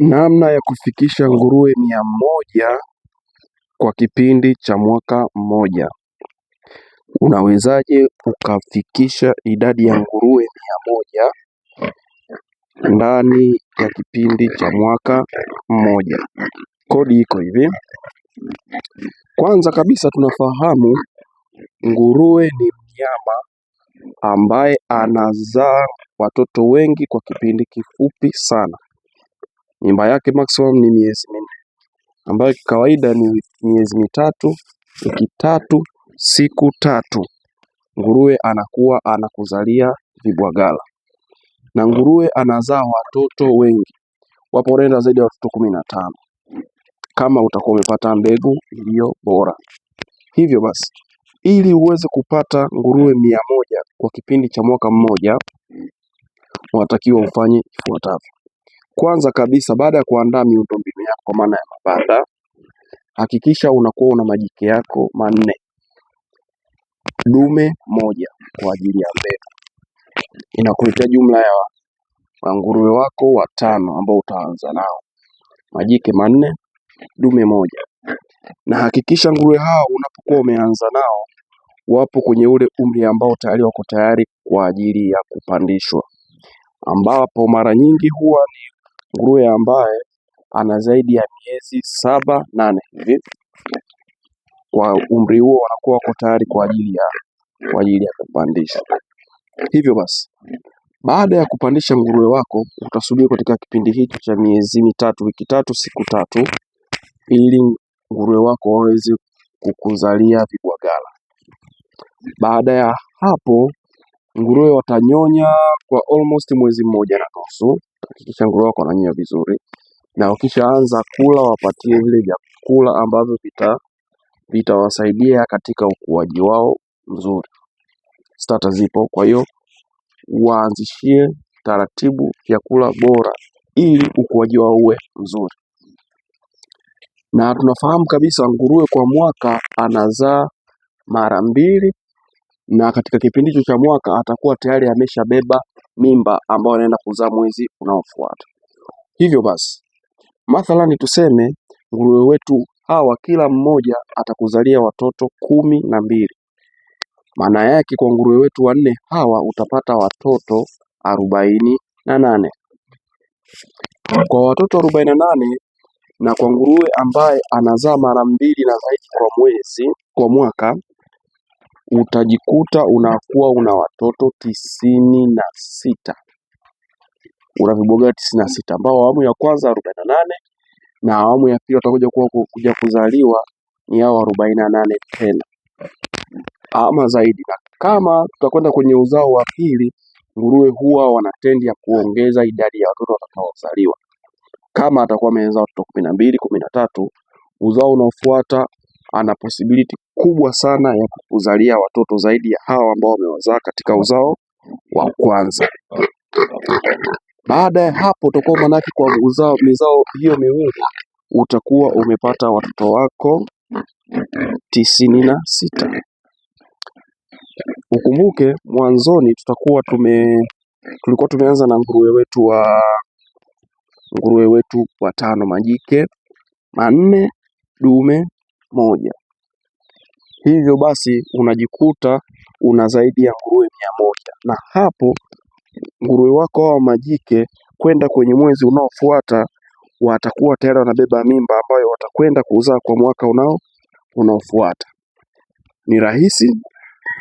Namna ya kufikisha nguruwe mia moja kwa kipindi cha mwaka mmoja. Unawezaje ukafikisha idadi ya nguruwe mia moja ndani ya kipindi cha mwaka mmoja? Kodi iko hivi. Kwanza kabisa tunafahamu nguruwe ni mnyama ambaye anazaa watoto wengi kwa kipindi kifupi sana. Mimba yake maximum ni miezi minne ambayo kawaida ni miezi mitatu, wiki tatu, siku tatu nguruwe anakuwa anakuzalia vibwagala na nguruwe anazaa watoto wengi, wapo renda zaidi ya watoto kumi na tano kama utakuwa umepata mbegu iliyo bora. Hivyo basi, ili uweze kupata nguruwe mia moja kwa kipindi cha mwaka mmoja, unatakiwa ufanye ifuatavyo. Kwanza kabisa baada ya kuandaa miundombinu yako kwa maana ya mabanda, hakikisha unakuwa una majike yako manne, dume moja kwa ajili ya mbegu. Inakuletea jumla ya wanguruwe wako watano ambao utaanza nao, majike manne, dume moja. Na hakikisha nguruwe hao unapokuwa umeanza nao wapo kwenye ule umri ambao tayari wako tayari kwa ajili ya kupandishwa, ambapo mara nyingi huwa ni Nguruwe ambaye ana zaidi ya miezi saba nane hivi, kwa umri huo wanakuwa wako tayari kwa ajili ya kwa ajili ya kupandisha. Hivyo basi, baada ya kupandisha nguruwe wako utasubiri katika kipindi hicho cha miezi mitatu, wiki tatu, siku tatu, ili nguruwe wako waweze kukuzalia vibwagala. Baada ya hapo, nguruwe watanyonya kwa almost mwezi mmoja na nusu hakikisha nguruwe wako wananyonya vizuri, na wakishaanza kula wapatie vile vyakula ambavyo vitawasaidia katika ukuaji wao mzuri. Stata zipo, kwa hiyo waanzishie taratibu vyakula bora ili ukuaji wao uwe mzuri, na tunafahamu kabisa nguruwe kwa mwaka anazaa mara mbili, na katika kipindi hicho cha mwaka atakuwa tayari ameshabeba mimba ambayo anaenda kuzaa mwezi unaofuata. Hivyo basi, mathalani tuseme nguruwe wetu hawa kila mmoja atakuzalia watoto kumi na mbili. Maana yake kwa nguruwe wetu wanne hawa utapata watoto arobaini na nane. Kwa watoto arobaini na nane na kwa nguruwe ambaye anazaa mara mbili na zaidi kwa mwezi kwa mwaka utajikuta unakuwa una watoto tisini na sita una viboga tisini na sita ambao awamu ya kwanza arobaini na nane na awamu ya pili watakuja kuwa kuja kuzaliwa ni hao arobaini na nane tena ama zaidi. Na kama tutakwenda kwenye uzao wa pili, nguruwe huwa wanatendi ya kuongeza idadi ya watoto watakaozaliwa. Kama atakuwa amezaa watoto kumi na mbili, kumi na tatu, uzao unaofuata ana possibility kubwa sana ya kuzalia watoto zaidi ya hawa ambao wamewazaa katika uzao wa kwanza. Baada ya hapo utakuwa manake kwa uzao mizao hiyo miwili utakuwa umepata watoto wako tisini na sita. Ukumbuke mwanzoni tutakuwa tume tulikuwa tumeanza na nguruwe wetu wa nguruwe wetu watano majike manne dume moja hivyo basi unajikuta una zaidi ya nguruwe mia moja na hapo nguruwe wako hawa majike kwenda kwenye mwezi unaofuata watakuwa tayari wanabeba mimba ambayo watakwenda kuzaa kwa mwaka unao unaofuata. Ni rahisi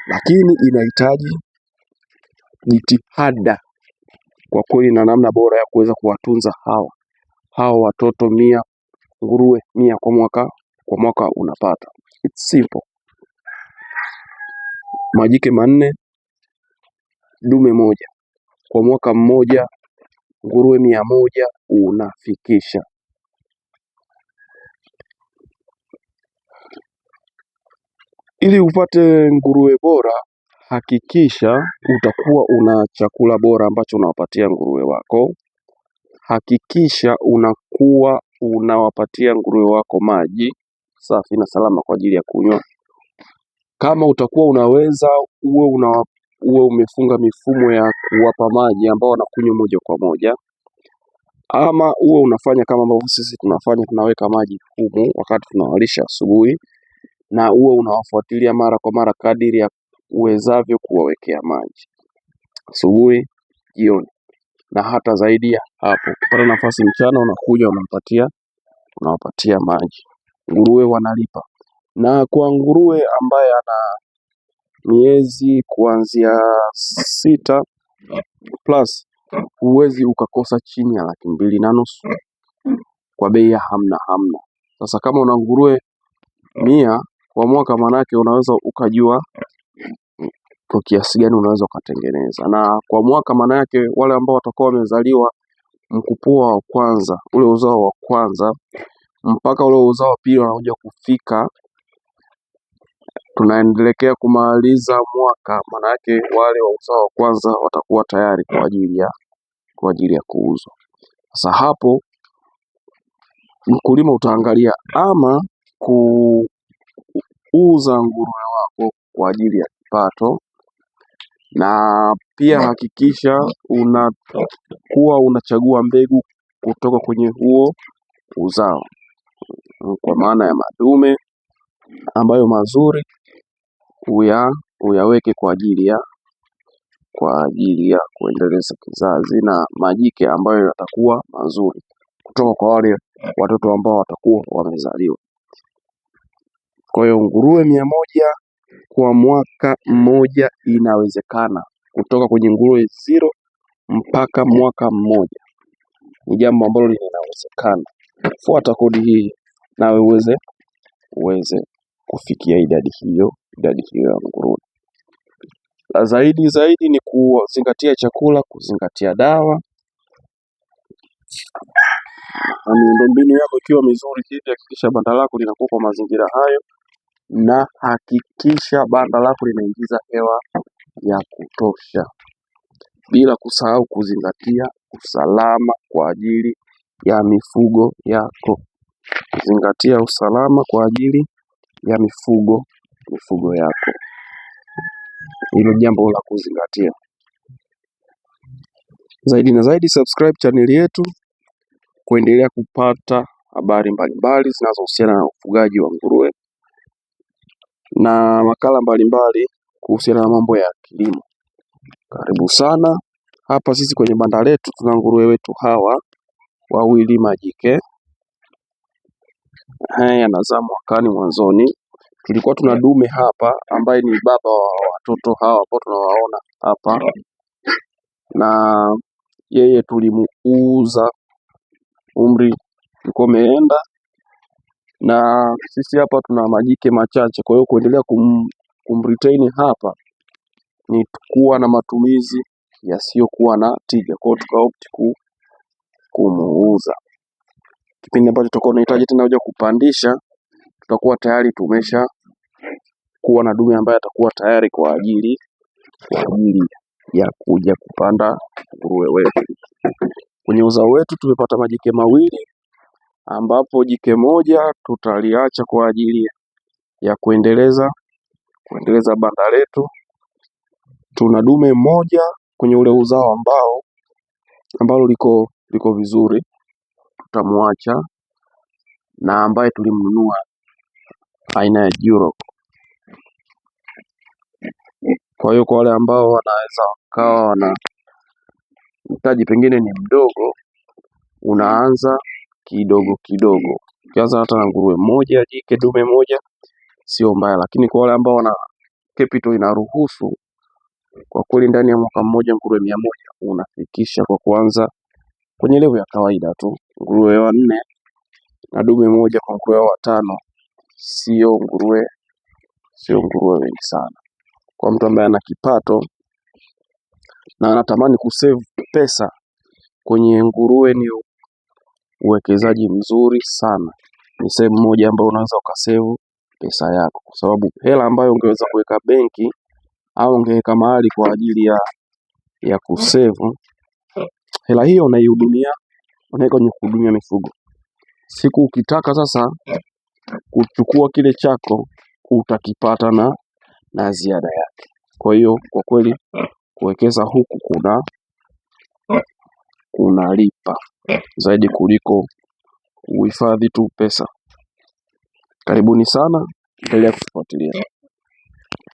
lakini inahitaji jitihada kwa kweli na namna bora ya kuweza kuwatunza hawa hawa watoto mia nguruwe mia kwa mwaka kwa mwaka unapata. It's simple majike manne, dume moja. Kwa mwaka mmoja nguruwe mia moja unafikisha. Ili upate nguruwe bora, hakikisha utakuwa una chakula bora ambacho unawapatia nguruwe wako. Hakikisha unakuwa unawapatia nguruwe wako maji safi na salama kwa ajili ya kunywa. Kama utakuwa unaweza uwe una uwe umefunga mifumo ya kuwapa maji ambao wanakunywa moja kwa moja, ama uwe unafanya kama ambavyo sisi tunafanya, tunaweka maji humu wakati tunawalisha asubuhi, na uwe unawafuatilia mara kwa mara kadiri ya uwezavyo kuwawekea maji asubuhi, jioni na hata zaidi ya hapo. Ukipata nafasi mchana, unakuja unampatia, unawapatia maji. Nguruwe wanalipa na kwa nguruwe ambaye ana miezi kuanzia sita plus, huwezi ukakosa chini ya laki mbili na nusu kwa bei ya hamna hamna. Sasa kama una nguruwe mia kwa mwaka, manake unaweza ukajua kwa kiasi gani unaweza ukatengeneza, na kwa mwaka yake wale ambao watakuwa wamezaliwa mkupua wa kwanza, ule uzao wa kwanza mpaka ule uzao wa pili wanakuja kufika tunaendelekea kumaliza mwaka yake wale wa uzao wa kwanza watakuwa tayari kwa ajili ya kwa ajili ya kuuzwa. Sasa hapo mkulima utaangalia ama kuuza nguruwe wako kwa ajili ya kipato, na pia hakikisha unakuwa unachagua mbegu kutoka kwenye huo uzao, kwa maana ya madume ambayo mazuri uyaweke kwa ajili ya kwa ajili ya kuendeleza kizazi na majike ambayo yatakuwa mazuri kutoka kwa wale watoto ambao watakuwa wamezaliwa. Kwa hiyo nguruwe mia moja kwa mwaka mmoja inawezekana, kutoka kwenye nguruwe zero mpaka mwaka mmoja, ni jambo ambalo linawezekana. Fuata kodi hii nawe uweze uweze kufikia idadi hiyo idadi hiyo ya nguruwe. La zaidi zaidi ni kuzingatia chakula, kuzingatia dawa na miundombinu yako ikiwa mizuri hivi, hakikisha banda lako linakuwa kwa mazingira hayo, na hakikisha banda lako linaingiza hewa ya kutosha, bila kusahau kuzingatia usalama kwa ajili ya mifugo yako. Zingatia usalama kwa ajili ya mifugo mifugo yako. Hilo jambo la kuzingatia zaidi na zaidi. Subscribe chaneli yetu kuendelea kupata habari mbalimbali zinazohusiana na ufugaji wa nguruwe na makala mbalimbali kuhusiana na mambo ya kilimo. Karibu sana hapa. Sisi kwenye banda letu tuna nguruwe wetu hawa wawili majike, haya yanazaa mwakani mwanzoni Tulikuwa tuna dume hapa ambaye ni baba wa watoto hawa ambao tunawaona hapa, na yeye tulimuuza, umri ulikuwa umeenda, na sisi hapa tuna majike machache. Kwa hiyo kuendelea kum, kumretain hapa ni kuwa na matumizi yasiyokuwa na tija, kwa hiyo tukaopti ku, kumuuza. Kipindi ambacho tutakuwa tunahitaji tena kuja kupandisha, tutakuwa tayari tumesha kuwa na dume ambaye atakuwa tayari kwa ajili kwa ajili ya kuja kupanda nguruwe wetu. Kwenye uzao wetu tumepata majike mawili, ambapo jike moja tutaliacha kwa ajili ya kuendeleza kuendeleza banda letu. Tuna dume moja kwenye ule uzao ambao ambalo liko liko vizuri, tutamwacha na ambaye tulimnunua aina ya Juro. Kwa hiyo kwa wale ambao wanaweza wakawa wana mtaji pengine ni mdogo, unaanza kidogo kidogo, ukianza hata na nguruwe moja jike, dume moja sio mbaya, lakini kwa wale ambao wana capital inaruhusu, kwa kweli ndani ya mwaka mmoja nguruwe mia moja unafikisha kwa kuanza kwenye levu ya kawaida tu, nguruwe wanne na dume moja kwa nguruwe tano, sio nguruwe sio nguruwe wengi sana kwa mtu ambaye ana kipato na anatamani kusave pesa kwenye nguruwe ni uwekezaji mzuri sana. Ni sehemu moja ambayo unaweza ukasevu pesa yako, kwa sababu hela ambayo ungeweza kuweka benki au ungeweka mahali kwa ajili ya ya kusevu, hela hiyo unaihudumia, unaweka kwenye kuhudumia mifugo. Siku ukitaka sasa kuchukua kile chako utakipata na na ziada yake. Kwa hiyo kwa kweli kuwekeza huku kuna kunalipa zaidi kuliko uhifadhi tu pesa. Karibuni sana, endelea kufuatilia.